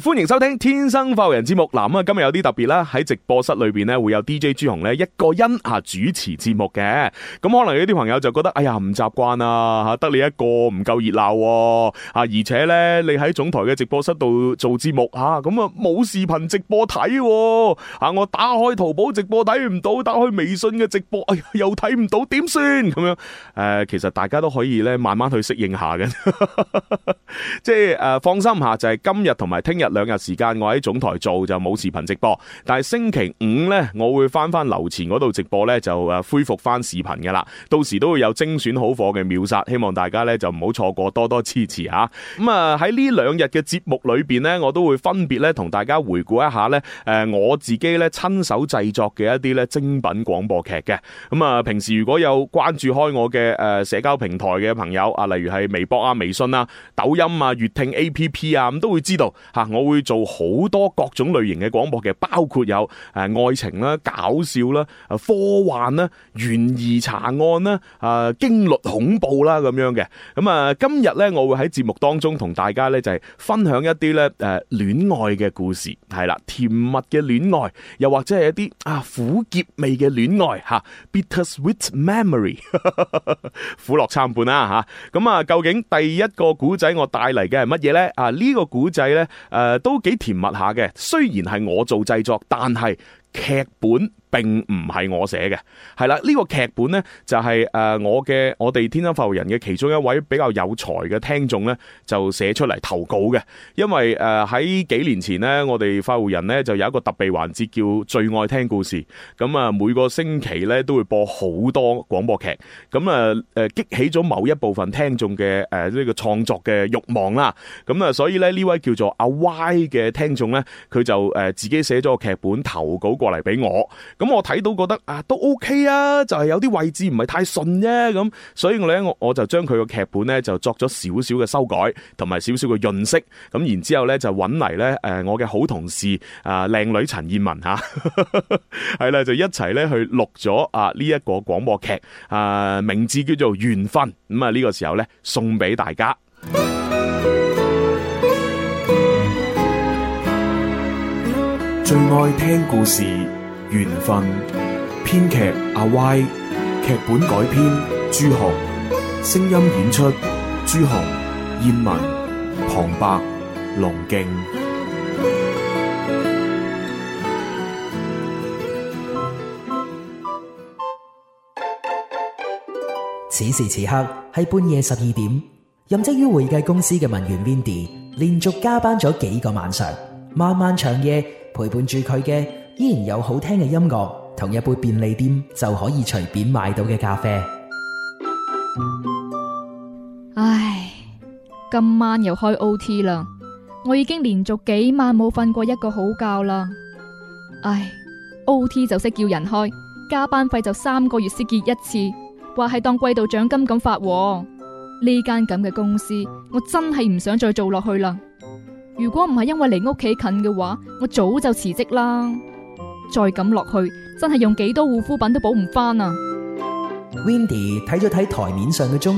歡迎收聽天生發福人節目，嗱咁啊今日有啲特別啦，喺直播室裏邊咧會有 DJ 朱紅咧一個人啊主持節目嘅，咁可能有啲朋友就覺得哎呀唔習慣啊吓，得你一個唔夠熱鬧啊，而且咧你喺總台嘅直播室度做節目吓，咁啊冇視頻直播睇啊，我打開淘寶直播睇唔到，打開微信嘅直播哎又睇唔到，點算咁樣？誒、呃，其實大家都可以咧慢慢去適應下嘅，即係誒、呃、放心下，就係今日同埋聽日。一兩日時間，我喺總台做就冇視頻直播，但係星期五呢，我會翻翻樓前嗰度直播呢就誒恢復翻視頻嘅啦。到時都會有精選好貨嘅秒殺，希望大家呢就唔好錯過，多多支持吓。咁啊喺呢兩日嘅節目裏邊呢，我都會分別咧同大家回顧一下呢誒我自己呢親手製作嘅一啲呢精品廣播劇嘅。咁啊平時如果有關注開我嘅誒、呃、社交平台嘅朋友啊，例如係微博啊、微信啊、抖音啊、粵聽 A P P 啊，咁都會知道吓。啊我會做好多各種類型嘅廣播劇，包括有誒、呃、愛情啦、搞笑啦、科幻啦、懸疑查案啦、啊驚栗恐怖啦咁樣嘅。咁啊，今日咧我會喺節目當中同大家咧就係、是、分享一啲咧誒戀愛嘅故事，係啦，甜蜜嘅戀愛，又或者係一啲啊苦澀味嘅戀愛吓，bitter sweet memory， 苦樂參半啦、啊、吓。咁啊，究竟第一個古仔我帶嚟嘅係乜嘢咧？啊、這個、故呢個古仔咧誒。啊誒都幾甜蜜下嘅，雖然係我做製作，但係劇本，並唔係我寫嘅，係啦，呢、這個劇本呢，就係、是、誒我嘅我哋天生發戶人嘅其中一位比較有才嘅聽眾呢，就寫出嚟投稿嘅，因為誒喺、呃、幾年前呢，我哋發戶人呢，就有一個特別環節叫最愛聽故事，咁啊、嗯、每個星期呢，都會播好多廣播劇，咁、嗯、啊誒激起咗某一部分聽眾嘅誒呢個創作嘅慾望啦，咁、嗯、啊所以呢，呢位叫做阿歪嘅聽眾呢，佢就誒、呃、自己寫咗個劇本投稿過嚟俾我。咁我睇到覺得啊都 OK 啊，就係有啲位置唔係太順啫咁，所以我咧我我就將佢個劇本咧就作咗少少嘅修改，同埋少少嘅潤色，咁然之後咧就搵嚟咧誒我嘅好同事啊靚女陳燕文吓，係啦 就一齊咧去錄咗啊呢一個廣播劇啊，名字叫做緣分，咁啊呢個時候咧送俾大家，最愛聽故事。緣分，編劇阿 Y，劇本改編朱紅，聲音演出朱紅，燕文旁白龍敬。此時此刻係半夜十二點，任職於會計公司嘅文員 Vindi，連續加班咗幾個晚上，漫漫長夜陪伴住佢嘅，依然有好聽嘅音樂，同一杯便利店就可以隨便買到嘅咖啡。唉，今晚又開 OT 啦！我已經連續幾晚冇瞓過一個好覺啦。唉，OT 就識叫人開，加班費就三個月先結一次，話係當季度獎金咁發喎。呢間咁嘅公司，我真係唔想再做落去啦。如果唔係因為離屋企近嘅話，我早就辭職啦。再咁落去，真係用幾多護膚品都補唔翻啊！Wendy 睇咗睇台面上嘅鐘，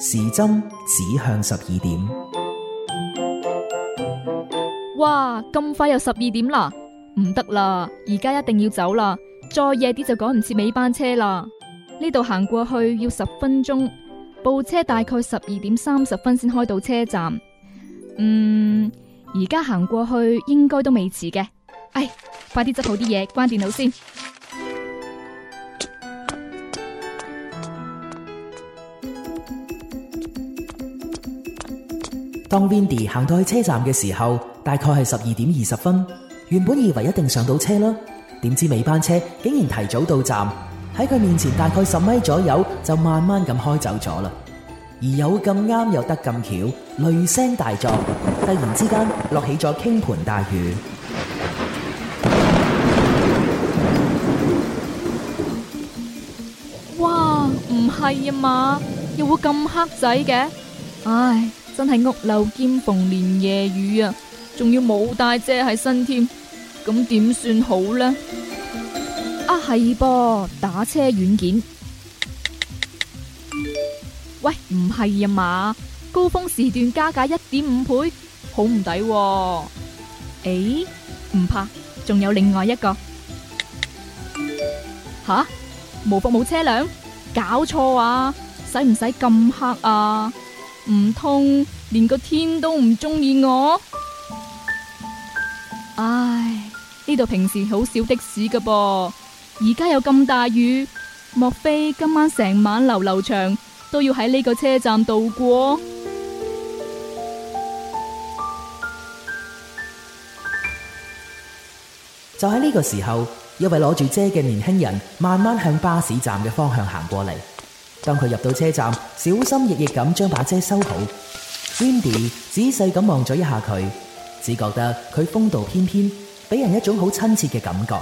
時針指向十二點。哇，咁快又十二點啦！唔得啦，而家一定要走啦，再夜啲就趕唔切尾班車啦。呢度行過去要十分鐘，部車大概十二點三十分先開到車站。嗯，而家行過去應該都未遲嘅。哎，快啲執好啲嘢，關電腦先。當 Vindy 行到去車站嘅時候，大概係十二點二十分。原本以為一定上到車啦，點知尾班車竟然提早到站，喺佢面前大概十米左右就慢慢咁開走咗啦。而有咁啱又得咁巧，雷聲大作，突然之間落起咗傾盆大雨。係呀嘛，又會咁黑仔嘅。唉，真係屋漏兼逢連夜雨啊！仲要冇帶遮喺身添，咁點算好呢？啊係噃，打車軟件。喂，唔係呀嘛，高峰時段加價一點五倍，好唔抵？誒，唔怕，仲有另外一個。吓，無服務車輛。搞錯啊！使唔使咁黑啊？唔通連個天都唔中意我？唉，呢度平時好少的士噶噃，而家有咁大雨，莫非今晚成晚流流長都要喺呢個車站度過？就喺呢個時候。一位攞住遮嘅年輕人慢慢向巴士站嘅方向行過嚟。當佢入到車站，小心翼翼咁將把遮收好。Wendy 仔細咁望咗一下佢，只覺得佢風度翩翩，俾人一種好親切嘅感覺。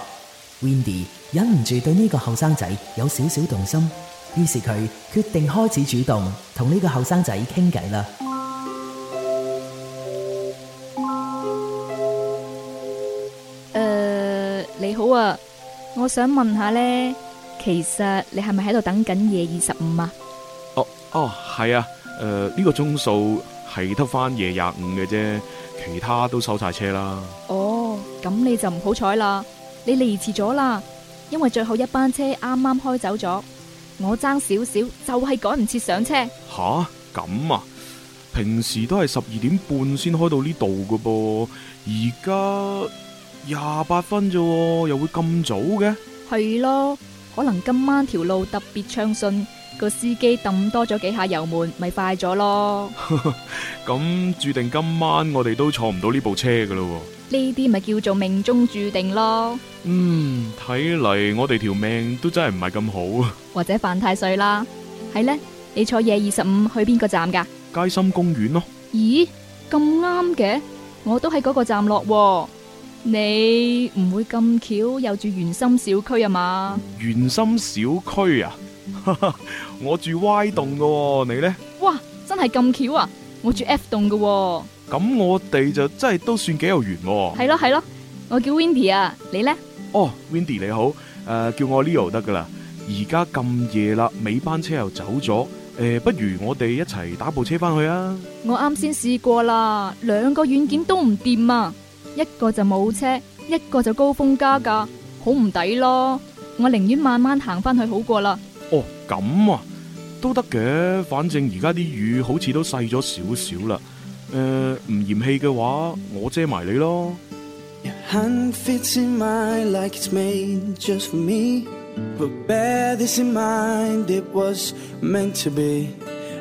Wendy 忍唔住對呢個後生仔有少少動心，於是佢決定開始主動同呢個後生仔傾偈啦。你好啊，我想問一下咧，其實你係咪喺度等緊夜二十五啊？哦哦，係啊，誒、啊、呢、啊呃這個鐘數係得翻夜廿五嘅啫，其他都收晒車啦。哦，咁你就唔好彩啦，你嚟遲咗啦，因為最後一班車啱啱開走咗，我爭少少就係趕唔切上車。吓、啊、咁啊？平時都係十二點半先開到呢度噶噃，而家。廿八分啫，又會咁早嘅？係咯，可能今晚條路特別暢順，個司機抌多咗幾下油門，咪快咗咯。咁注定今晚我哋都坐唔到呢部車噶啦。呢啲咪叫做命中注定咯。嗯，睇嚟我哋條命都真係唔係咁好啊。或者犯太歲啦？係呢，你坐夜二十五去邊個站噶？街心公園咯。咦，咁啱嘅，我都喺嗰個站落。你唔會咁巧又住圓心小區啊嘛？圓心小區啊， 我住 Y 棟喎，你咧？哇，真係咁巧啊！我住 F 棟喎！咁我哋就真係都算幾有緣。係咯係咯，我叫 Windy 啊，你咧？哦、oh,，Windy 你好，誒、uh,，叫我 Leo 得噶啦。而家咁夜啦，尾班車又走咗，誒、uh,，不如我哋一齊打一部車翻去啊？我啱先試過啦，兩個軟件都唔掂啊！一個就冇車，一個就高峰加價，好唔抵咯！我寧願慢慢行翻去好過啦。哦，咁啊，都得嘅，反正而家啲雨好似都細咗少少啦。誒、呃，唔嫌棄嘅話，我遮埋你咯。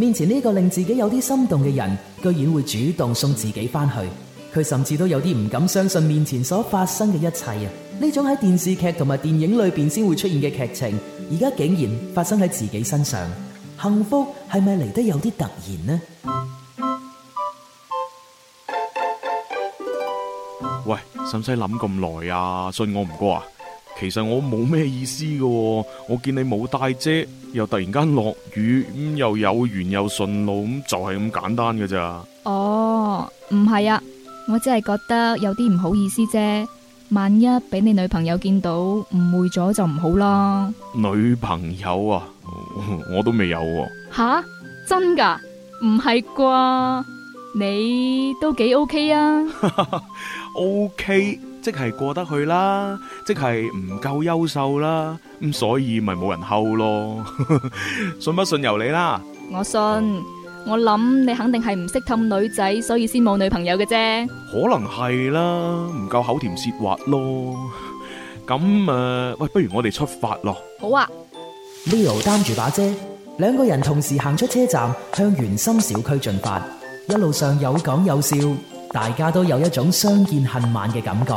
面前呢個令自己有啲心動嘅人，居然會主動送自己翻去，佢甚至都有啲唔敢相信面前所發生嘅一切啊！呢種喺電視劇同埋電影裏邊先會出現嘅劇情，而家竟然發生喺自己身上，幸福係咪嚟得有啲突然呢？喂，使唔使諗咁耐啊？信我唔過啊！其實我冇咩意思噶，我見你冇帶遮，又突然間落雨，咁又有緣又順路，咁就係咁簡單噶咋？哦，唔係啊，我只係覺得有啲唔好意思啫，萬一俾你女朋友見到誤會咗就唔好啦。女朋友啊，我，我都未有啊。吓，真噶？唔係啩？你都幾 OK 啊 ？OK。即係過得去啦，即係唔夠優秀啦，咁所以咪冇人逅咯。信 不信由你啦。我信，我諗你肯定係唔識氹女仔，所以先冇女朋友嘅啫。可能係啦，唔夠口甜舌滑咯。咁 誒、呃，喂，不如我哋出發咯。好啊，Leo 擔住把遮，兩個人同時行出車站，向圓心小區進發。一路上有講有笑。大家都有一種相見恨晚嘅感覺。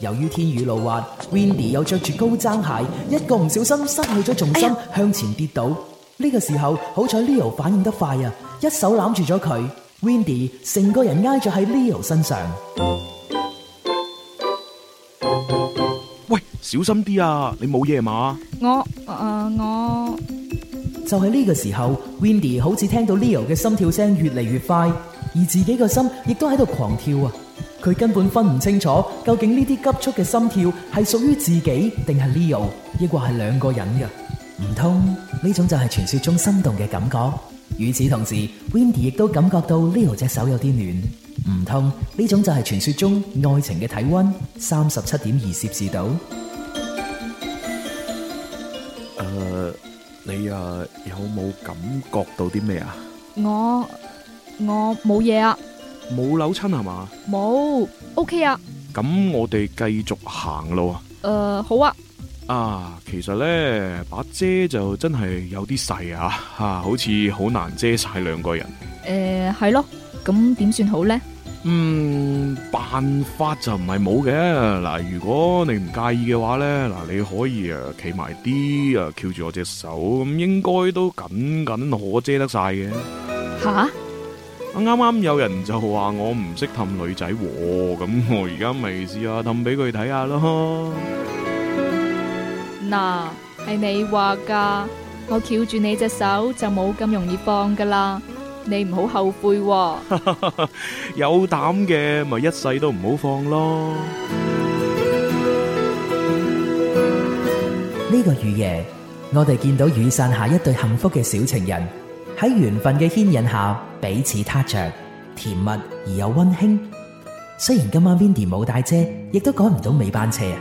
由於天雨路滑，Wendy 又着住高踭鞋，一個唔小心失去咗重心，哎、向前跌倒。呢、呢個時候，好彩 Leo 反應得快啊！一手攬住咗佢，Wendy 成個人挨咗喺 Leo 身上。喂，小心啲啊！你冇嘢嘛？我，呃、我。就喺呢個時候，Windy 好似聽到 Leo 嘅心跳聲越嚟越快，而自己個心亦都喺度狂跳啊！佢根本分唔清楚究竟呢啲急促嘅心跳係屬於自己定係 Leo，抑或係兩個人噶？唔通呢種就係傳說中心動嘅感覺？與此同時，Windy 亦都感覺到 Leo 隻手有啲暖，唔通呢種就係傳說中愛情嘅體温？三十七點二攝氏度。Uh. .你啊，有冇感覺到啲咩啊？我我冇嘢啊，冇扭親係嘛？冇，OK 啊。咁我哋繼續行路啊。誒、呃，好啊。啊，其實咧把遮就真係有啲細啊，吓、啊，好似好難遮晒兩個人。誒、呃，係咯，咁點算好咧？嗯，辦法就唔係冇嘅。嗱，如果你唔介意嘅話咧，嗱，你可以啊企埋啲啊，翹住我隻手，咁應該都緊緊可遮得晒嘅。吓！啱啱有人就話我唔識氹女仔，咁我而家咪試下氹俾佢睇下咯。嗱，係你話噶，我翹住你隻手就冇咁容易放噶啦。你唔好後悔，哦， 有膽嘅咪一世都唔好放咯。呢、這個雨夜，我哋見到雨傘下一對幸福嘅小情人喺緣分嘅牽引下彼此踏着，甜蜜而又溫馨。雖然今晚 Vindy 冇帶車，亦都趕唔到尾班車啊，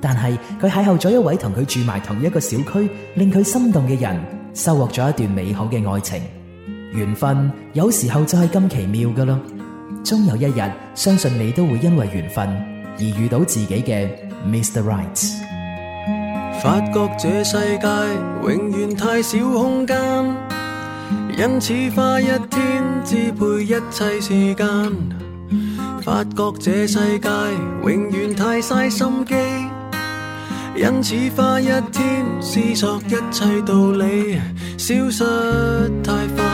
但係佢邂逅咗一位同佢住埋同一個小區，令佢心動嘅人，收穫咗一段美好嘅愛情。緣分有時候就係咁奇妙㗎啦，終有一日，相信你都會因為緣分而遇到自己嘅 Mr. Right。發覺這世界永遠太少空間，因此花一天支配一切時間。發覺這世界永遠太嘥心機，因此花一天思索一切道理，消失太快。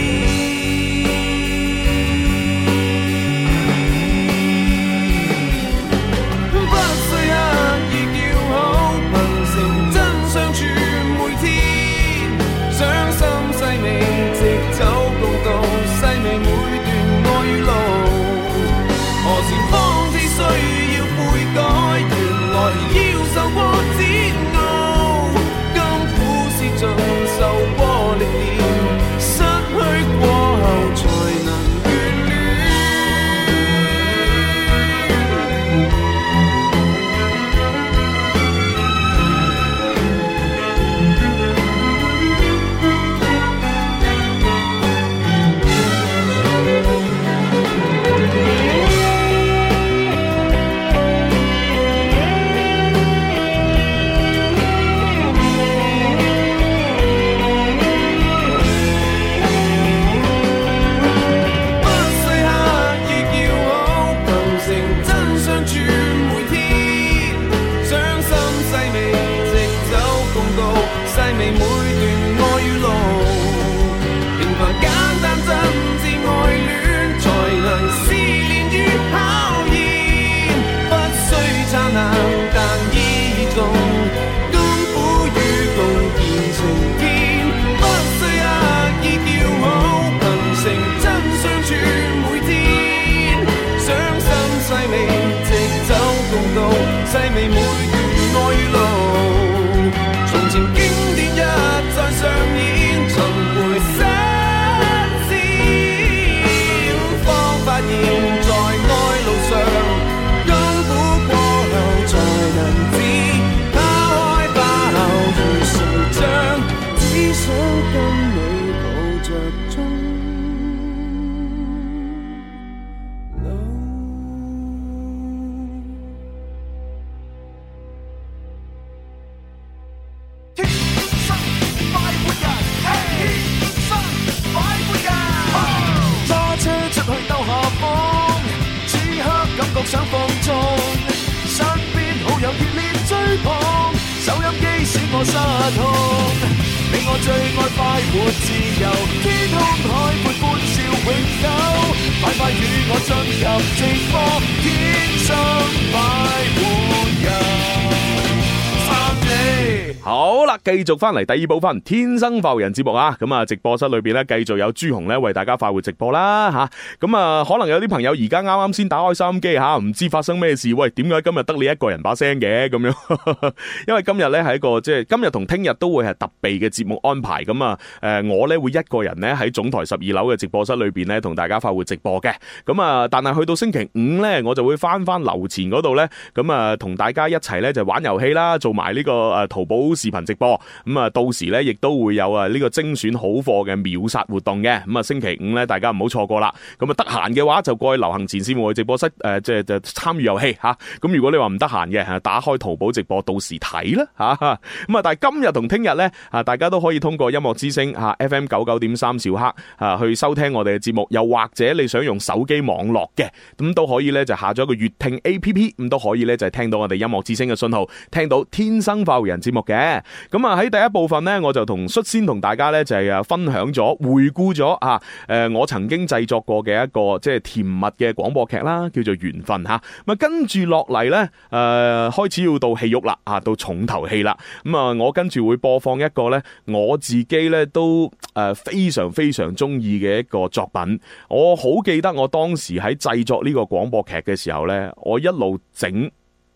繼續翻嚟第二部分《天生浮人》節目啊！咁啊，直播室裏邊咧繼續有朱紅咧為大家快活直播啦吓。咁啊，可能有啲朋友而家啱啱先打開收音機吓，唔知發生咩事。喂，點解今日得你一個人把聲嘅咁樣？因為今日咧係一個即係今日同聽日都會係特備嘅節目安排咁啊。誒，我咧會一個人咧喺總台十二樓嘅直播室裏邊咧同大家快活直播嘅。咁啊，但係去到星期五咧，我就會翻翻樓前嗰度咧，咁啊同大家一齊咧就玩遊戲啦，做埋呢個誒淘寶視頻直播。咁啊，到時咧，亦都會有啊呢個精選好貨嘅秒殺活動嘅。咁啊，星期五咧，大家唔好錯過啦。咁啊，得閒嘅話就過去流行前線去直播室誒，即、呃、係就，就參與遊戲咁、啊、如果你話唔得閒嘅，打開淘寶直播到時睇啦，咁啊，但係今日同聽日咧啊，大家都可以通過音樂之星、啊、F.M. 九九點三兆赫啊去收聽我哋嘅節目，又或者你想用手機網絡嘅咁、啊、都可以咧，就下載一個悦聽 A.P.P. 咁、啊、都可以咧，就係、聽到我哋音樂之星嘅信號，聽到天生化為人節目嘅咁啊。喺第一部分呢，我就同率先同大家呢，就係啊分享咗回顧咗啊誒，我曾經製作過嘅一個即係甜蜜嘅廣播劇啦，叫做緣分吓。咁啊，跟住落嚟呢，誒，開始要到戲肉啦啊，到重頭戲啦。咁啊，我跟住會播放一個呢，我自己呢都誒非常非常中意嘅一個作品。我好記得我當時喺製作呢個廣播劇嘅時候呢，我一路整。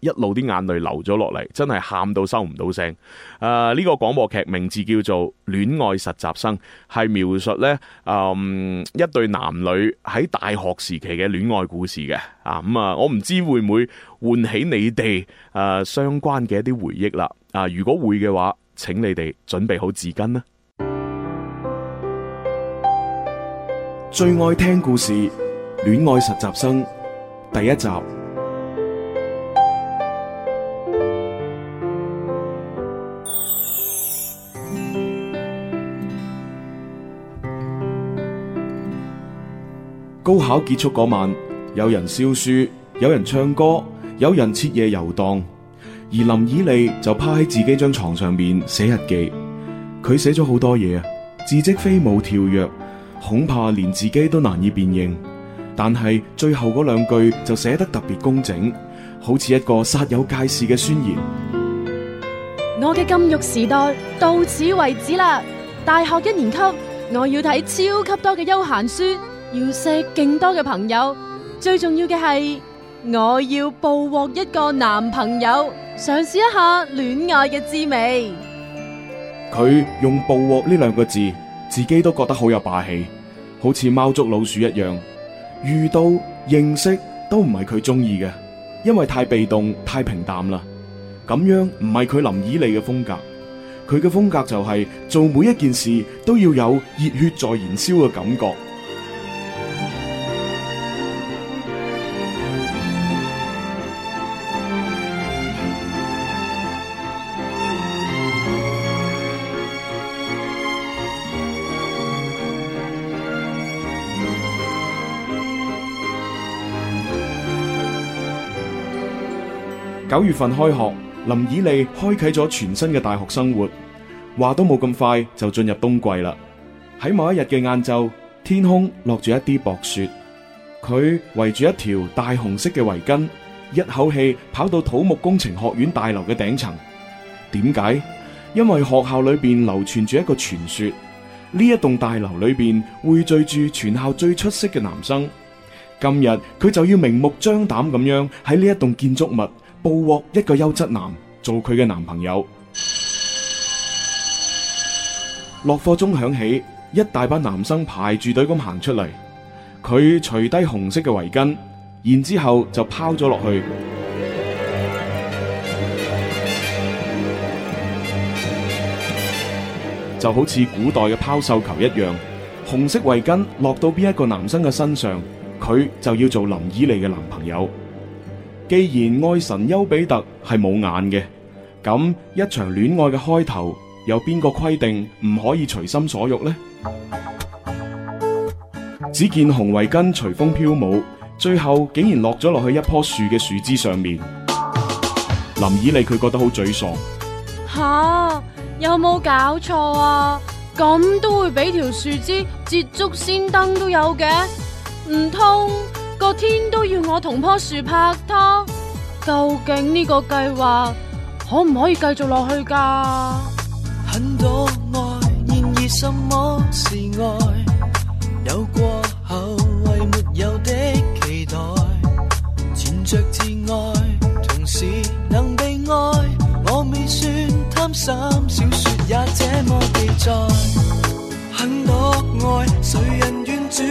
一路啲眼淚流咗落嚟，真係喊到收唔到聲。誒、呃、呢、這個廣播劇名字叫做《戀愛實習生》，係描述呢誒、嗯、一對男女喺大學時期嘅戀愛故事嘅。啊，咁、嗯、啊，我唔知會唔會喚起你哋誒、呃、相關嘅一啲回憶啦。啊、呃，如果會嘅話，請你哋準備好紙巾啦。最愛聽故事《戀愛實習生》第一集。高考結束嗰晚，有人燒書，有人唱歌，有人徹夜遊蕩，而林以利就趴喺自己張床上面寫日記。佢寫咗好多嘢，字跡飛舞跳躍，恐怕連自己都難以辨認。但係最後嗰兩句就寫得特別工整，好似一個煞有介事嘅宣言。我嘅禁慾時代到此為止啦！大學一年級，我要睇超級多嘅休閒書。要識勁多嘅朋友，最重要嘅係我要捕獲一個男朋友，嘗試一下戀愛嘅滋味。佢用捕獲呢兩個字，自己都覺得好有霸氣，好似貓捉老鼠一樣。遇到認識都唔係佢中意嘅，因為太被動太平淡啦。咁樣唔係佢林以利嘅風格。佢嘅風格就係做每一件事都要有熱血在燃燒嘅感覺。九月份開學，林以利開啟咗全新嘅大學生活。話都冇咁快就進入冬季啦。喺某一日嘅晏晝，天空落住一啲薄雪。佢圍住一條大紅色嘅圍巾，一口氣跑到土木工程學院大樓嘅頂層。點解？因為學校裏邊流傳住一個傳說，呢一棟大樓裏邊會聚住全校最出色嘅男生。今日佢就要明目張膽咁樣喺呢一棟建築物。捕獲一個優質男做佢嘅男朋友。落課鐘響起，一大班男生排住隊咁行出嚟。佢除低紅色嘅圍巾，然之後就拋咗落去，就好似古代嘅拋繡球一樣。紅色圍巾落到邊一個男生嘅身上，佢就要做林依莉嘅男朋友。既然愛神丘比特係冇眼嘅，咁一場戀愛嘅開頭，有邊個規定唔可以隨心所欲呢？只見紅圍巾隨風飄舞，最後竟然落咗落去一棵樹嘅樹枝上面。林以麗佢覺得好沮喪。吓、啊，有冇搞錯啊？咁都會俾條樹枝捷足先登都有嘅？唔通？個天都要我同棵樹拍拖，究竟呢個計劃可唔可以繼續落去噶？很多愛，然而什麼是愛？有過後為沒有的期待，纏着自愛，同時能被愛，我未算貪心，小說也這麼記載。很多愛，誰人願轉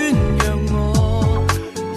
讓我？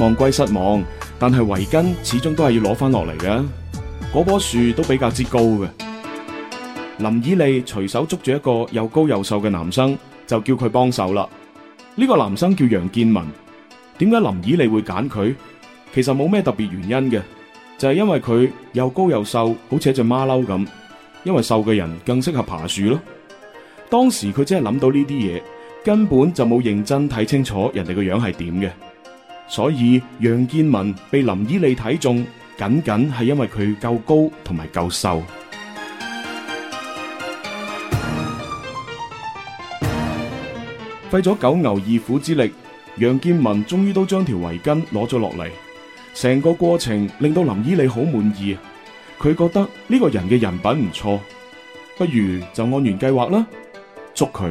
望歸失望，但係圍巾始終都係要攞翻落嚟嘅。嗰棵樹都比較之高嘅。林以莉隨手捉住一個又高又瘦嘅男生，就叫佢幫手啦。呢、這個男生叫楊建文。點解林以莉會揀佢？其實冇咩特別原因嘅，就係、是、因為佢又高又瘦，好似隻馬騮咁。因為瘦嘅人更適合爬樹咯。當時佢真係諗到呢啲嘢，根本就冇認真睇清楚人哋個樣係點嘅。所以楊建文被林依莉睇中，僅僅係因為佢夠高同埋夠瘦。費咗 九牛二虎之力，楊建文終於都將條圍巾攞咗落嚟。成個過程令到林依莉好滿意，佢覺得呢個人嘅人品唔錯，不如就按原計劃啦，捉佢。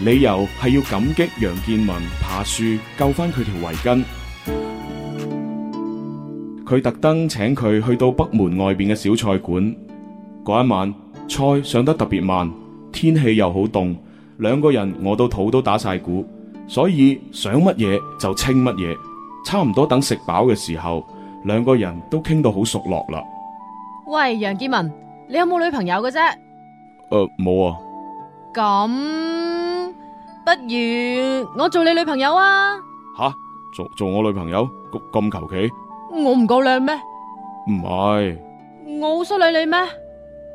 理由係要感激楊建文爬樹救翻佢條圍巾，佢特登請佢去到北門外邊嘅小菜館。嗰一晚菜上得特別慢，天氣又好凍，兩個人餓到肚都打晒鼓，所以想乜嘢就清乜嘢。差唔多等食飽嘅時候，兩個人都傾到好熟絡啦。喂，楊建文，你有冇女朋友嘅啫？誒、呃，冇啊。咁。不如我做你女朋友啊！吓，做做我女朋友咁咁求其？我唔夠靚咩？唔係，我好失禮你咩？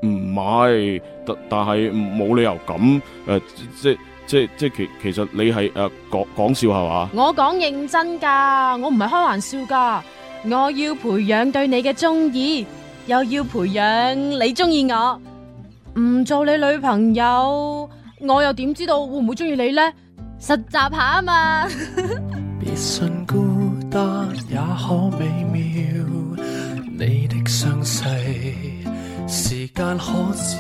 唔係，但但係冇理由咁，誒，即即即即其其實你係誒講講笑係嘛？我講認真㗎，我唔係開玩笑㗎，我要培養對你嘅中意，又要培養你中意我，唔做你女朋友。我又點知道會唔會中意你呢？實習下啊嘛。別信孤單，也可美妙。你的傷逝，時間可治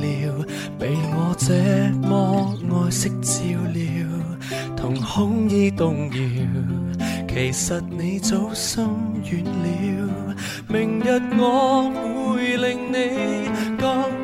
療。被我這麼愛惜照料，同空依動搖。其實你早心軟了，明日我會令你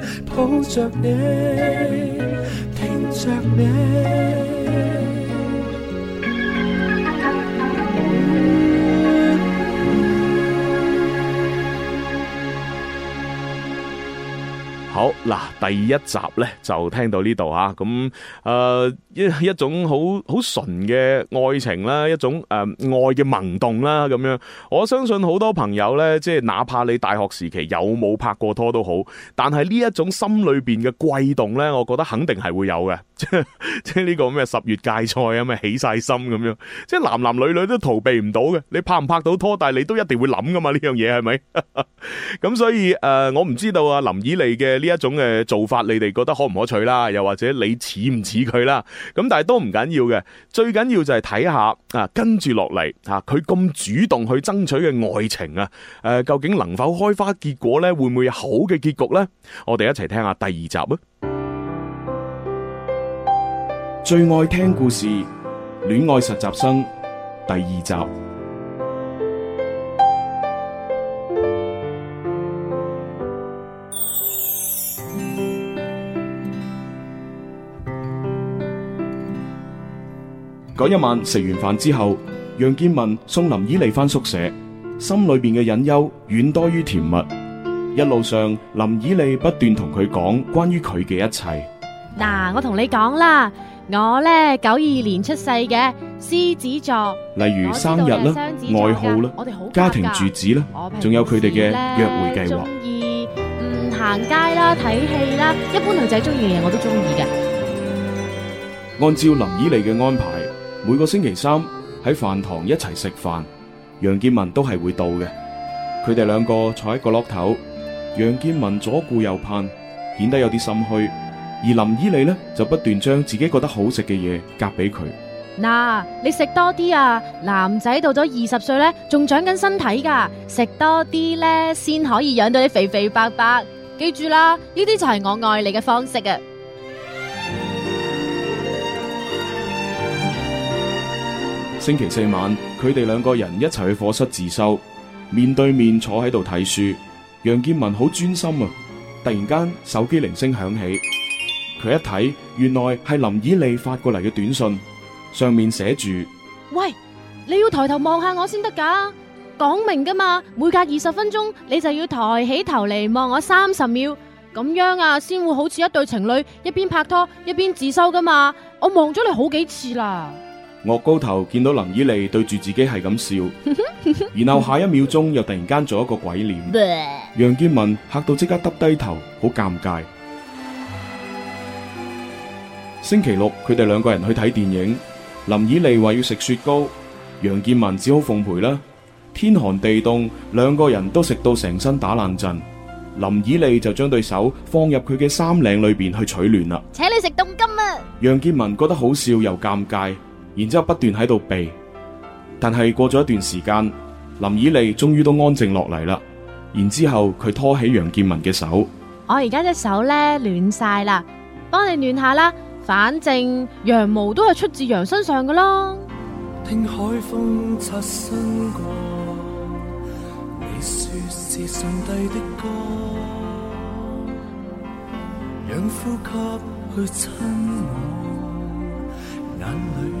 抱着你，聽着你。嗯嗯、好，嗱，第一集咧就聽到呢度啊，咁誒。呃一一種好好純嘅愛情啦，一種誒、呃、愛嘅萌動啦咁樣。我相信好多朋友呢，即係哪怕你大學時期有冇拍過拖都好，但係呢一種心裏邊嘅悸動呢，我覺得肯定係會有嘅。 即係呢個咩十月芥菜啊，咩起晒心咁樣，即係男男女女都逃避唔到嘅。你拍唔拍到拖，但係你都一定會諗噶嘛呢樣嘢係咪？咁 所以誒、呃，我唔知道啊林以利嘅呢一種嘅做法，你哋覺得可唔可取啦？又或者你似唔似佢啦？咁但係都唔緊要嘅，最緊要就係睇下啊，跟住落嚟吓，佢咁主動去爭取嘅愛情啊，誒，究竟能否開花結果呢？會唔會有好嘅結局呢？我哋一齊聽下第二集啊！最愛聽故事，戀愛實習生第二集。嗰一晚食完飯之後，楊建文送林依莉翻宿舍，心裏邊嘅隱憂遠多於甜蜜。一路上，林依莉不斷同佢講關於佢嘅一切。嗱，我同你講啦，我咧九二年出世嘅獅子座，例如生日啦、愛好啦、我哋好家庭住址啦，仲有佢哋嘅約會計劃。中意行街啦、睇戲啦，一般女仔中意嘅嘢我都中意嘅。按照林依莉嘅安排。每個星期三喺飯堂一齊食飯，楊建文都係會到嘅。佢哋兩個坐喺個落頭，楊建文左顧右盼，顯得有啲心虛。而林依莉呢，就不斷將自己覺得好食嘅嘢夾俾佢。嗱、啊，你食多啲啊！男仔到咗二十歲呢，仲長緊身體噶，食多啲呢，先可以養到啲肥肥白白。記住啦，呢啲就係我愛你嘅方式啊！星期四晚，佢哋兩個人一齊去課室自修，面對面坐喺度睇書。楊建文好專心啊！突然間，手機鈴聲響起，佢一睇，原來係林以麗發過嚟嘅短信，上面寫住：喂，你要抬頭望下我先得噶，講明噶嘛，每隔二十分鐘你就要抬起頭嚟望我三十秒，咁樣啊，先會好似一對情侶一邊拍拖一邊自修噶嘛。我望咗你好幾次啦。惡高頭見到林以利對住自己係咁笑， 然後下一秒鐘又突然間做一個鬼臉， 楊建文嚇到即刻耷低頭，好尷尬。 星期六佢哋兩個人去睇電影，林以利話要食雪糕，楊建文只好奉陪啦。天寒地凍，兩個人都食到成身打冷震，林以利就將對手放入佢嘅衫領裏邊去取暖啦。請你食凍金啊！楊建文覺得好笑又尷尬。然之後不斷喺度避，但係過咗一段時間，林以莉終於都安靜落嚟啦。然之後佢拖起楊建文嘅手，我而家隻手咧暖晒啦，幫你暖下啦。反正羊毛都係出自羊身上噶咯。聽海風擦身過，你說是上帝的歌，讓呼吸去親我，眼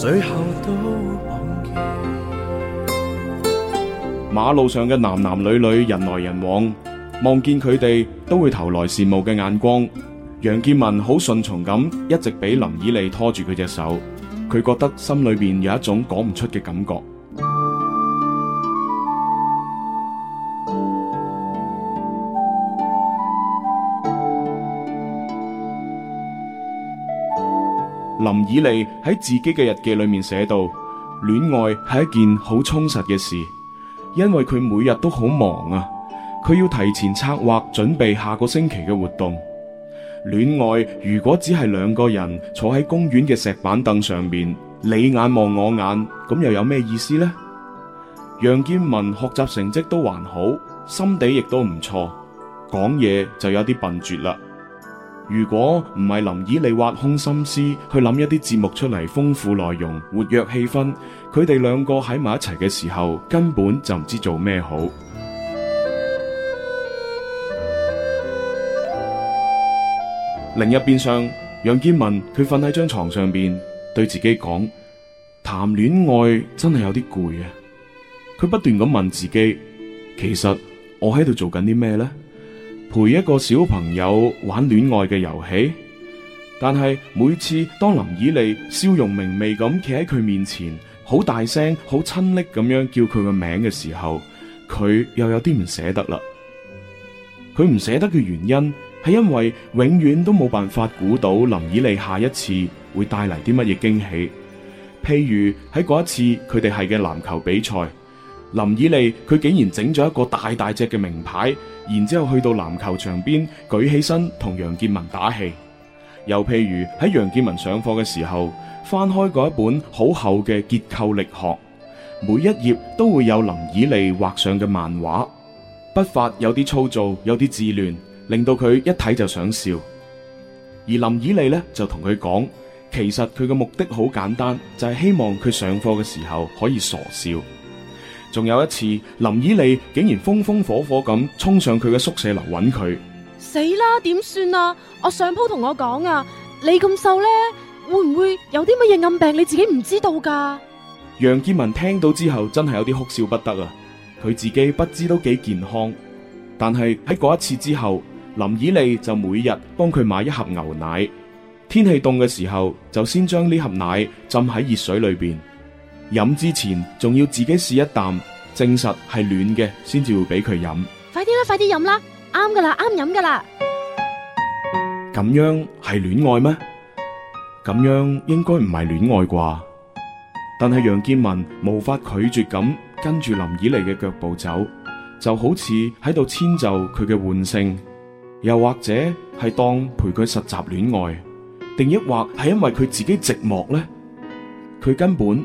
最後都忘記，馬路上嘅男男女女，人來人往，望見佢哋都會投來羨慕嘅眼光。楊建文好順從咁，一直俾林以利拖住佢隻手，佢覺得心裏邊有一種講唔出嘅感覺。林以利喺自己嘅日記裡面寫到，戀愛係一件好充實嘅事，因為佢每日都好忙啊，佢要提前策劃準備下個星期嘅活動。戀愛如果只係兩個人坐喺公園嘅石板凳上面，你眼望我眼，咁又有咩意思呢？」楊建文學習成績都還好，心地亦都唔錯，講嘢就有啲笨拙啦。如果唔係林以利，挖空心思去諗一啲節目出嚟，豐富內容、活躍氣氛，佢哋兩個喺埋一齊嘅時候根本就唔知做咩好。另一邊上，楊建文佢瞓喺張床上邊，對自己講：「談戀愛真係有啲攰啊！」佢不斷咁問自己：「其實我喺度做緊啲咩呢？」陪一個小朋友玩戀愛嘅遊戲，但係每次當林以莉笑容明媚咁企喺佢面前，好大聲、好親昵咁樣叫佢個名嘅時候，佢又有啲唔捨得啦。佢唔捨得嘅原因係因為永遠都冇辦法估到林以莉下一次會帶嚟啲乜嘢驚喜，譬如喺嗰一次佢哋係嘅籃球比賽。林以利佢竟然整咗一個大大隻嘅名牌，然之後去到籃球場邊舉起身同楊建文打氣。又譬如喺楊建文上課嘅時候，翻開過一本好厚嘅結構力學，每一頁都會有林以利畫上嘅漫畫，筆法有啲粗糙，有啲自亂，令到佢一睇就想笑。而林以利呢，就同佢講，其實佢嘅目的好簡單，就係、是、希望佢上課嘅時候可以傻笑。仲有一次，林以利竟然風風火火咁衝上佢嘅宿舍樓揾佢。死啦！點算啊？我上鋪同我講啊，你咁瘦呢？會唔會有啲乜嘢暗病？你自己唔知道噶？楊建文聽到之後真係有啲哭笑不得啊！佢自己不知都幾健康，但係喺嗰一次之後，林以利就每日幫佢買一盒牛奶，天氣凍嘅時候就先將呢盒奶浸喺熱水裏邊。飲之前仲要自己試一啖，證實係暖嘅先至會俾佢飲。快啲啦，快啲飲啦，啱噶啦，啱飲噶啦。咁樣係戀愛咩？咁樣應該唔係戀愛啩？但係楊建文無法拒絕咁跟住林以利嘅腳步走，就好似喺度遷就佢嘅玩性，又或者係當陪佢實習戀愛，定抑或係因為佢自己寂寞呢？佢根本。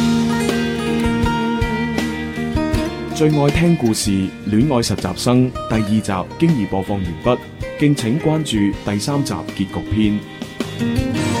最愛聽故事《戀愛實習生》第二集，經已播放完畢，敬請關注第三集結局篇。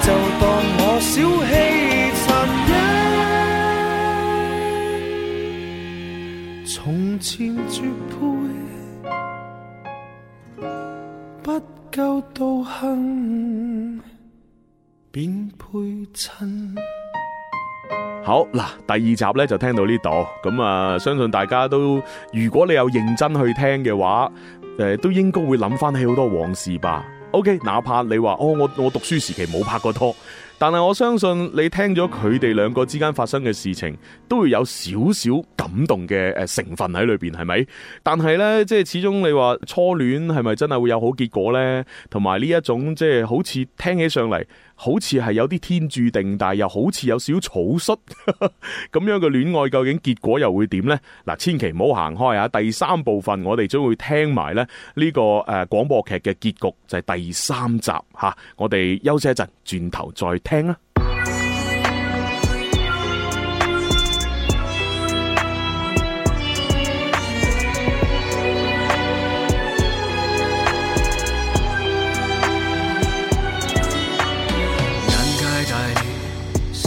就當我小氣襯人，從前絕配，不夠道行便配襯。好嗱，第二集咧就聽到呢度，咁啊，相信大家都，如果你有認真去聽嘅話，誒，都應該會諗翻起好多往事吧。O.K.，哪怕你話哦，我我讀書時期冇拍過拖，但係我相信你聽咗佢哋兩個之間發生嘅事情，都會有少少感動嘅誒成分喺裏邊，係咪？但係呢，即係始終你話初戀係咪真係會有好結果呢？同埋呢一種即係、就是、好似聽起上嚟，好似係有啲天注定，但係又好似有少草率咁 樣嘅戀愛，究竟結果又會點呢？嗱，千祈唔好行開啊！第三部分我哋將會聽埋咧呢個誒廣播劇嘅結局，就係、是、第三集吓。我哋休息一陣，轉頭再聽啊！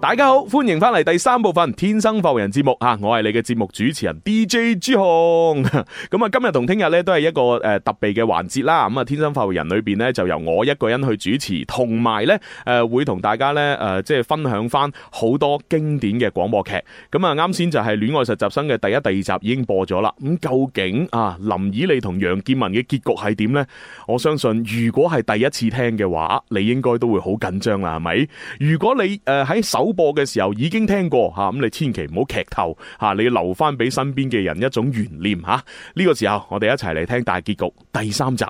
大家好，歡迎翻嚟第三部分《天生浮人》節目吓，我係你嘅節目主持人 DJ 朱紅。咁啊，今日同聽日咧都係一個誒特別嘅環節啦。咁啊，《天生浮人》裏邊咧就由我一個人去主持，同埋咧誒會同大家咧誒即係分享翻好多經典嘅廣播劇。咁啊，啱先就係《戀愛實習生》嘅第一、第二集已經播咗啦。咁究竟啊林綺利同楊建文嘅結局係點咧？我相信如果係第一次聽嘅話，你應該都會好緊張啦，係咪？如果你誒喺、呃、首播嘅時候已經聽過吓，咁、啊、你千祈唔好劇透吓、啊，你要留翻俾身邊嘅人一種懸念吓。呢、啊這個時候我哋一齊嚟聽大結局第三集，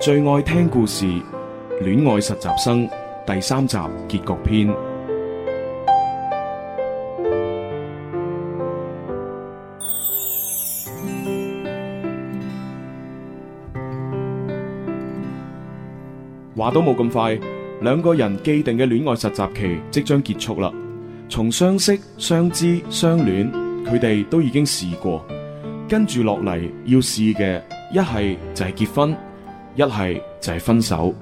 最愛聽故事《戀愛實習生》第三集結局篇。話都冇咁快。兩個人既定嘅戀愛實習期即將結束啦，從相識、相知、相戀，佢哋都已經試過，跟住落嚟要試嘅，一係就係結婚，一係就係分手。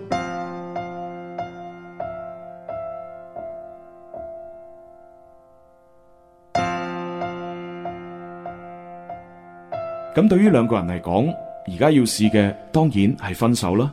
咁對於兩個人嚟講，而家要試嘅當然係分手啦。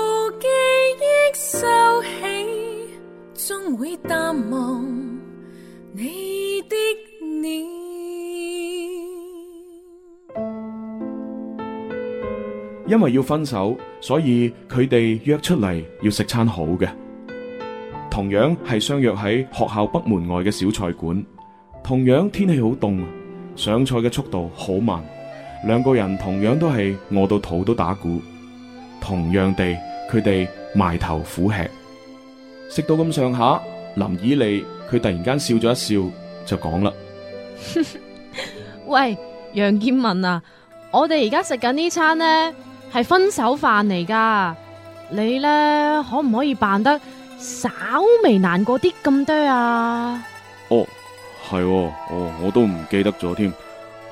淡忘你的。你因為要分手，所以佢哋約出嚟，要食餐好嘅。同樣係相約喺學校北門外嘅小菜館。同樣天氣好凍，上菜嘅速度好慢。兩個人同樣都係餓到肚都打鼓。同樣地，佢哋。埋頭苦吃，食到咁上下，林以利佢突然間笑咗一笑，就講啦： 喂，楊建文啊，我哋而家食緊呢餐呢係分手飯嚟噶，你呢可唔可以扮得稍微難過啲咁多啊？哦，係，哦，哦，我都唔記得咗添，誒、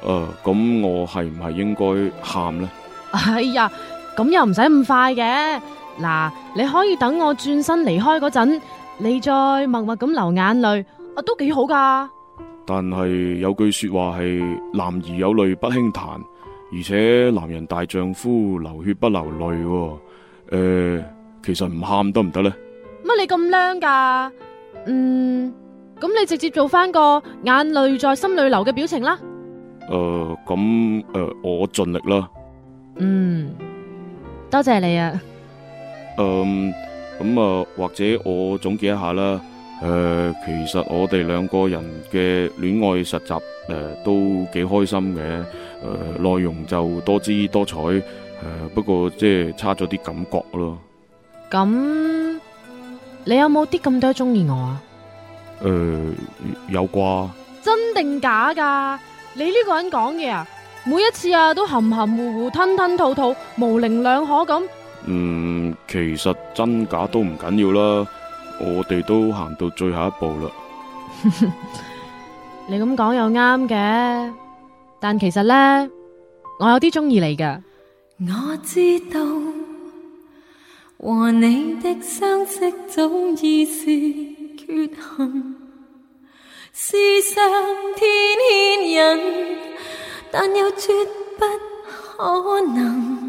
呃，咁我係唔係應該喊呢？哎呀，咁又唔使咁快嘅。嗱，你可以等我轉身離開嗰陣，你再默默咁流眼淚，啊，都幾好噶。但係有句說話係男兒有淚不輕彈，而且男人大丈夫流血不流淚。誒、呃，其實唔喊得唔得呢？乜你咁靚噶？嗯，咁你直接做翻個眼淚在心裏流嘅表情啦。誒、呃，咁誒、呃，我盡力啦。嗯，多謝你啊。嗯，咁、嗯、啊，或者我總結一下啦。誒、呃，其實我哋兩個人嘅戀愛實習誒、呃，都幾開心嘅。誒、呃，內容就多姿多彩。誒、呃，不過即係差咗啲感覺咯。咁你有冇啲咁多中意我啊？誒、呃，有啩？真定假㗎？你呢個人講嘢啊，每一次啊都含含糊糊，糊、吞吞吐吐、模棱兩可咁。嗯。其實真假都唔緊要啦，我哋都行到最後一步啦 。你咁講又啱嘅，但其實咧，我有啲中意你㗎。我知道和你的相識早已是缺陷，是上天牽引，但又絕不可能。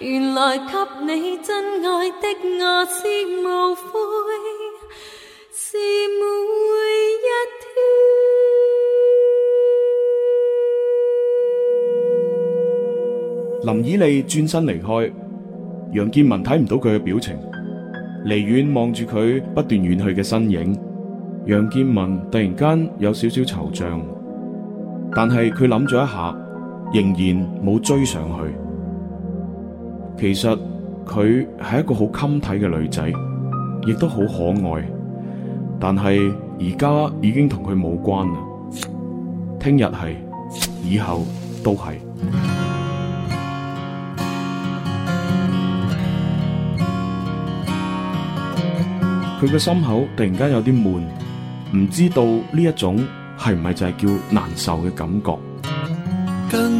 原來給你真愛的我是無悔，是每一天。林以麗轉身離開，楊建文睇唔到佢嘅表情，離遠望住佢不斷遠去嘅身影。楊建文突然間有少少惆悵，但係佢諗咗一下，仍然冇追上去。其實佢係一個好襟睇嘅女仔，亦都好可愛。但係而家已經同佢冇關啦。聽日係，以後都係。佢嘅 心口突然間有啲悶，唔知道呢一種係唔係就係叫難受嘅感覺。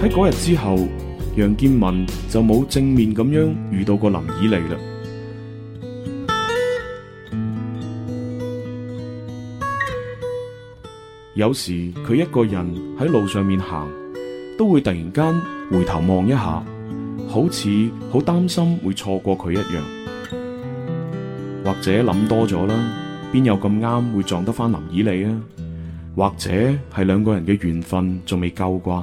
喺嗰日之後，楊建文就冇正面咁樣遇到過林以麗嘞。有時佢一個人喺路上面行，都會突然間回頭望一下，好似好擔心會錯過佢一樣。或者諗多咗啦，邊有咁啱會撞得翻林以麗啊？或者係兩個人嘅緣分仲未夠啩？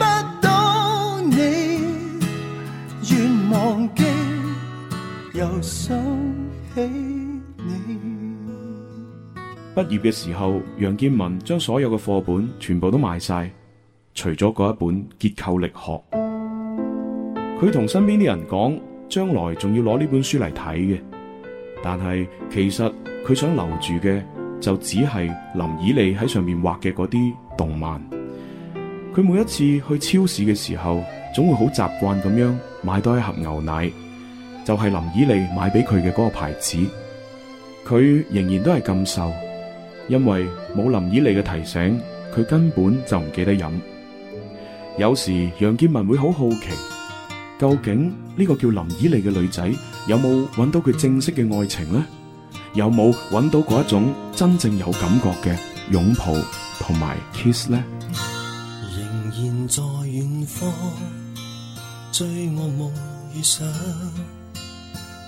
又想起你畢業嘅時候，楊建文將所有嘅課本全部都賣晒，除咗嗰一本結構力學。佢同身邊啲人講，將來仲要攞呢本書嚟睇嘅。但係其實佢想留住嘅就只係林以利喺上面畫嘅嗰啲動漫。佢每一次去超市嘅時候，總會好習慣咁樣買多一盒牛奶。就係、是、林綺利買俾佢嘅嗰個牌子，佢仍然都係咁瘦，因為冇林綺利嘅提醒，佢根本就唔記得飲。有時楊建文會好好奇，究竟呢個叫林綺利嘅女仔有冇搵到佢正式嘅愛情呢？有冇搵到嗰一種真正有感覺嘅擁抱同埋 kiss 呢？仍然在遠方，醉臥夢遇上。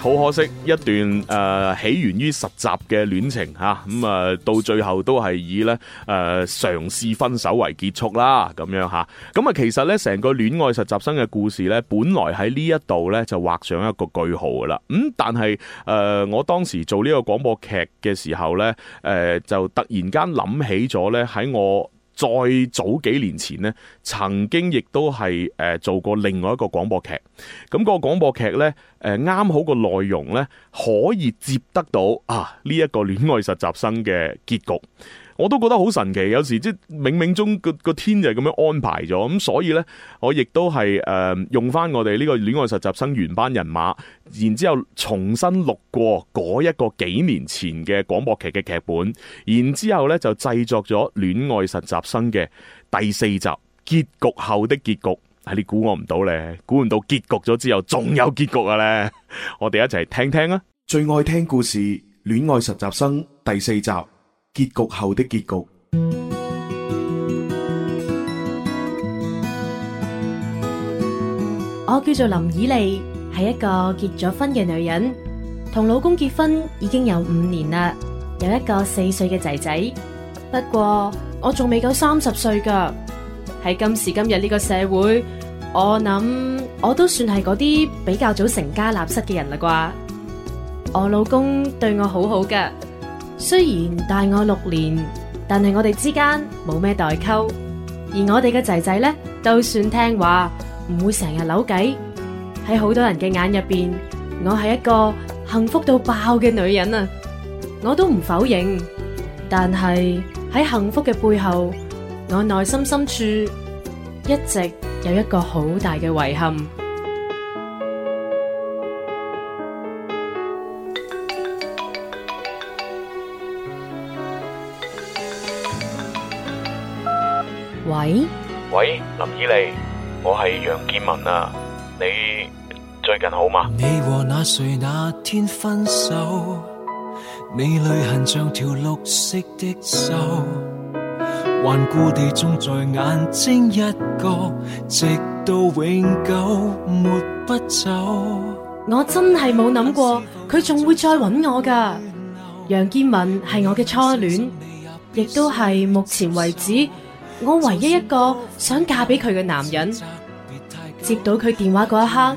好可惜一段誒、呃、起源於實習嘅戀情嚇，咁啊、嗯、到最後都係以咧誒、呃、嘗試分手為結束啦，咁樣嚇。咁啊其實咧成個戀愛實習生嘅故事咧，本來喺呢一度咧就畫上一個句號噶啦。咁、嗯、但係誒、呃、我當時做呢個廣播劇嘅時候咧，誒、呃、就突然間諗起咗咧喺我。再早幾年前呢曾經亦都係、呃、做過另外一個廣播劇，咁個廣播劇呢，呃、啱好個內容呢，可以接得到啊呢一個戀愛實習生嘅結局。我都覺得好神奇，有時即係冥冥中個個天就係咁樣安排咗，咁所以呢，我亦都係誒用翻我哋呢個戀愛實習生原班人馬，然之後重新錄過嗰一個幾年前嘅廣播劇嘅劇本，然之後呢就製作咗戀愛實習生嘅第四集結局後的結局，係你估我唔到呢？估唔到結局咗之後仲有結局啊呢？我哋一齊聽聽啊！最愛聽故事《戀愛實習生》第四集。結局後的結局，我叫做林以麗，係一個結咗婚嘅女人，同老公結婚已經有五年啦，有一個四歲嘅仔仔。不過我仲未夠三十歲噶，喺今時今日呢個社會，我諗我都算係嗰啲比較早成家立室嘅人啦啩。我老公對我好好噶。雖然大我六年，但係我哋之間冇咩代溝，而我哋嘅仔仔咧都算聽話，唔會成日扭計。喺好多人嘅眼入邊，我係一個幸福到爆嘅女人啊！我都唔否認，但係喺幸福嘅背後，我內心深處一直有一個好大嘅遺憾。喂喂，林依蕾，我係楊建文啊，你最近好嗎？你和那誰那天分手，你淚痕像條綠色的銹，頑固地種在眼睛一角，直到永久抹不走。我真係冇諗過佢仲會再揾我噶，楊建文係我嘅初戀，亦都係目前為止。我唯一一個想嫁俾佢嘅男人，接到佢電話嗰一刻，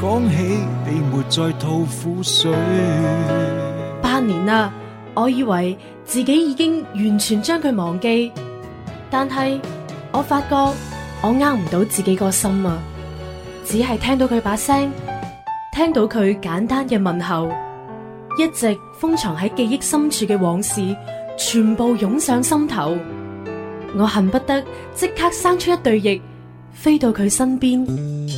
講起你沒再吐苦水，八年啦，我以為自己已經完全將佢忘記，但係我發覺我啱唔到自己個心啊！只係聽到佢把聲，聽到佢簡單嘅問候，一直封藏喺記憶深處嘅往事，全部湧上心頭，我恨不得即刻生出一對翼，飛到佢身邊。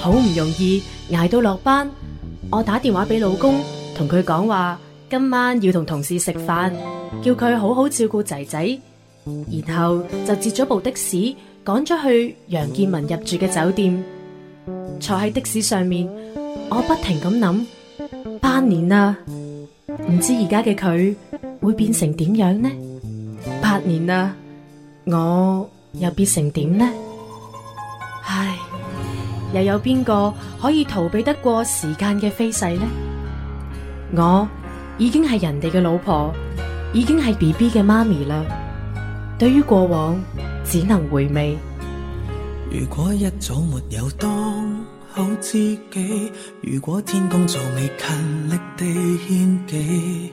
好唔容易挨到落班，我打電話俾老公，同佢講話今晚要同同事食飯，叫佢好好照顧仔仔，然後就截咗部的士，趕咗去楊建文入住嘅酒店。坐喺的士上面，我不停咁諗，八年啦，唔知而家嘅佢會變成點樣呢？八年啦，我又變成點呢？唉。又有邊個可以逃避得過時間嘅飛逝呢？我已經係人哋嘅老婆，已經係 B B 嘅媽咪啦。對於過往，只能回味。如果一早沒有當好知己，如果天公造美，勤力地獻記。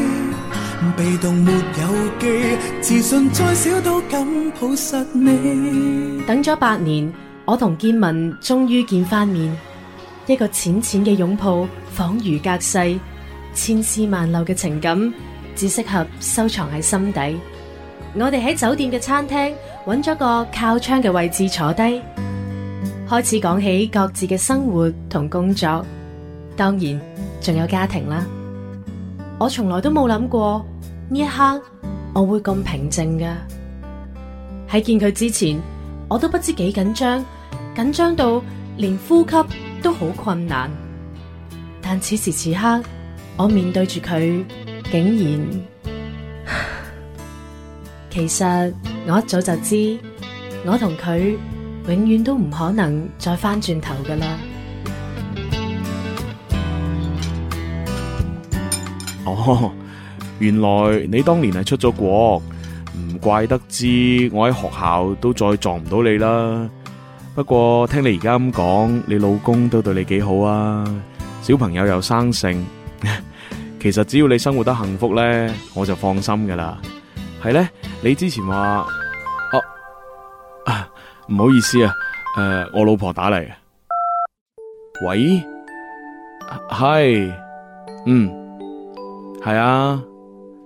動沒有記，自信再小都敢抱實你。等咗八年，我同建文終於見翻面，一個淺淺嘅擁抱，恍如隔世，千絲萬縷嘅情感只適合收藏喺心底。我哋喺酒店嘅餐廳揾咗個靠窗嘅位置坐低，開始講起各自嘅生活同工作，當然仲有家庭啦。我從來都冇諗過。呢一刻我會咁平靜噶，喺見佢之前我都不知幾緊張，緊張到連呼吸都好困難，但此時此刻我面對住佢，竟然， 其實我一早就知，我同佢永遠都唔可能再返轉頭噶啦。Oh. 原來你當年係出咗國，唔怪得知我喺學校都再撞唔到你啦。不過聽你而家咁講，你老公都對你幾好啊，小朋友又生性。 其實只要你生活得幸福呢，我就放心噶啦。係呢，你之前話哦，啊啊、唔好意思啊，誒、呃，我老婆打嚟。喂，係、啊，嗯，係啊。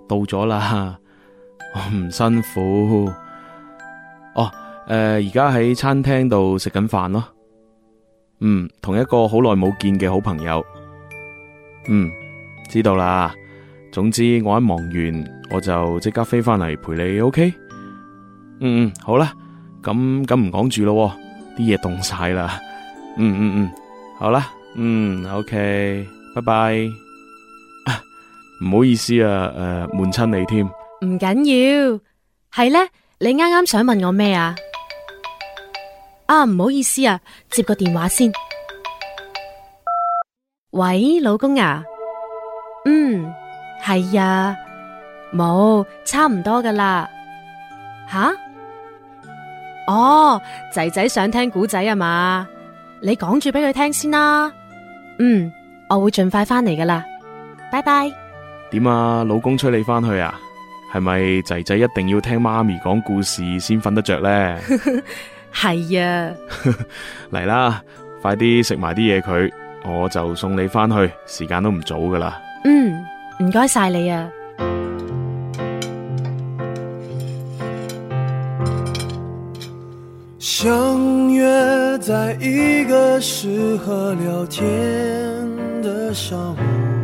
到咗啦，我 唔辛苦。哦，誒、呃，而家喺餐廳度食緊飯咯。嗯，同一個好耐冇見嘅好朋友。嗯，知道啦。總之我一忙完，我就即刻飛翻嚟陪你。O、OK? K、嗯。嗯嗯，好啦，咁咁唔講住咯，啲嘢凍晒啦。嗯嗯嗯，好啦，嗯，O、OK、K，拜拜。唔好意思啊，誒、呃，悶親你添。唔緊要，係咧，你啱啱想問我咩啊？啊，唔好意思啊，接個電話先。喂，老公啊，嗯，係呀、啊，冇，差唔多噶啦。吓、啊？哦，仔仔想聽古仔啊嘛？你講住俾佢聽先啦。嗯，我會盡快翻嚟噶啦。拜拜。點啊，老公催你翻去啊，係咪仔仔一定要聽媽咪講故事先瞓得着咧？係 是啊，嚟 啦，快啲食埋啲嘢佢，我就送你翻去，時間都唔早噶啦。嗯，唔該晒你啊。相約在一個適合聊天的上午。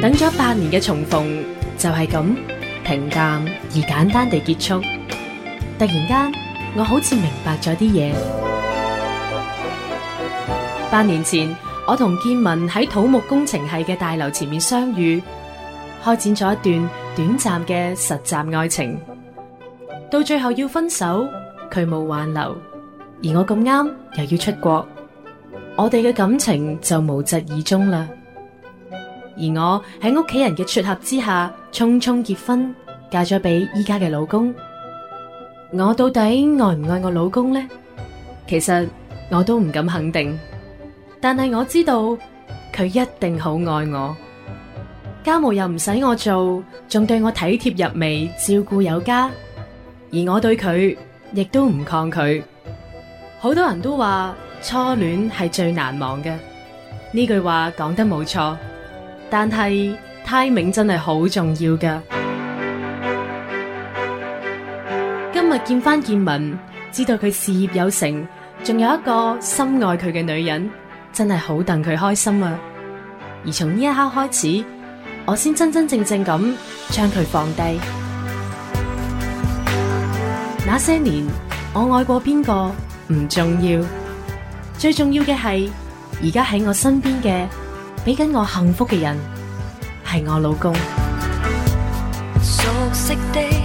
等咗八年嘅重逢就係咁樣平淡而簡單地結束。突然間，我好似明白咗啲嘢。八年前，我同建文喺土木工程系嘅大樓前面相遇，開展咗一段短暫嘅實習愛情。到最後要分手，佢冇挽留，而我咁啱又要出國，我哋嘅感情就無疾而終啦。而我喺屋企人嘅撮合之下，匆匆結婚嫁咗俾依家嘅老公。我到底愛唔愛我老公呢？其實我都唔敢肯定，但係我知道佢一定好愛我。家務又唔使我做，仲對我體貼入微，照顧有加。而我對佢亦都唔抗拒。好多人都話初戀係最難忘嘅，呢句話講得冇錯。但係 timing 真係好重要㗎。今日見翻建文，知道佢事業有成，仲有一個深愛佢嘅女人，真係好戥佢開心啊！而從呢一刻開始，我先真真正正咁將佢放低。那些年我愛過邊個唔重要，最重要嘅係而家喺我身邊嘅。俾緊我幸福嘅人係我老公。So